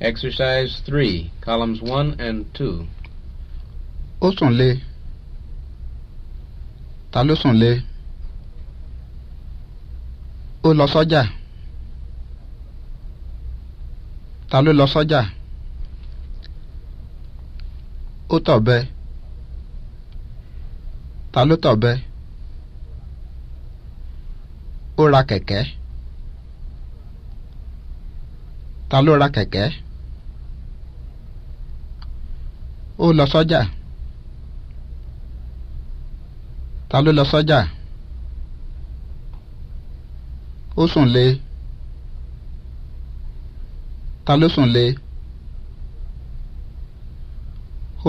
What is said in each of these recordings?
Exercise 3, columns 1 and 2. Ó sùn lé. Ta ló sùn lé? Ó lọ sọ́jà. Ta ló lọ sọ́jà? Ó tọ̀bẹ. Ta ló tọ̀bẹ? Ó ra kẹ̀kẹ́. Ta ló ra kẹ̀kẹ́? ó lọ sọ́jà ta ló lọ sọ́jà ó sùn lé ta ló sùn lé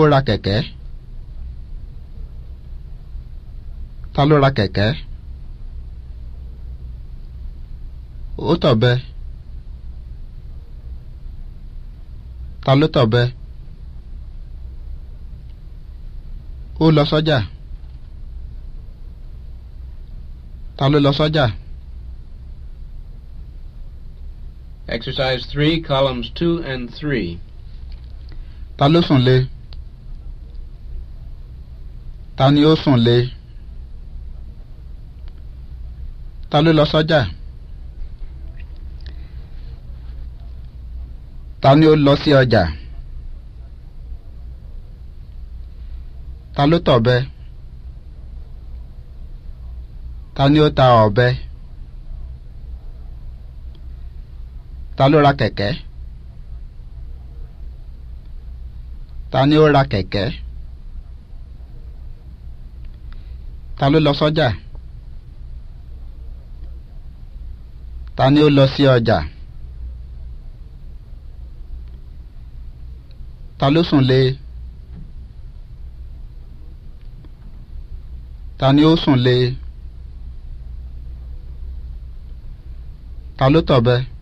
ó ra kẹ̀kẹ́ ta ló ra kẹ̀kẹ́ ó tọ̀bẹ ta ló tọ̀bẹ. ó lọ sọ́jà ta ló lọ sọ́jà. exercise three columns two and three. ta ló sùn lé. ta ni ó sùn lé. ta ló lọ sọ́jà. ta ni ó lọ sí ọjà. ta ló tọ̀ bẹ́ẹ̀ ta ni ó ta ọ̀bẹ ta ló ra kẹ̀kẹ́ ta ni ó ra kẹ̀kẹ́ ta ló lọ sọ́jà ta ni ó lọ sí ọjà ta ló sùn lé e. ta ni ó sùn lé ta ló tọ̀bẹ.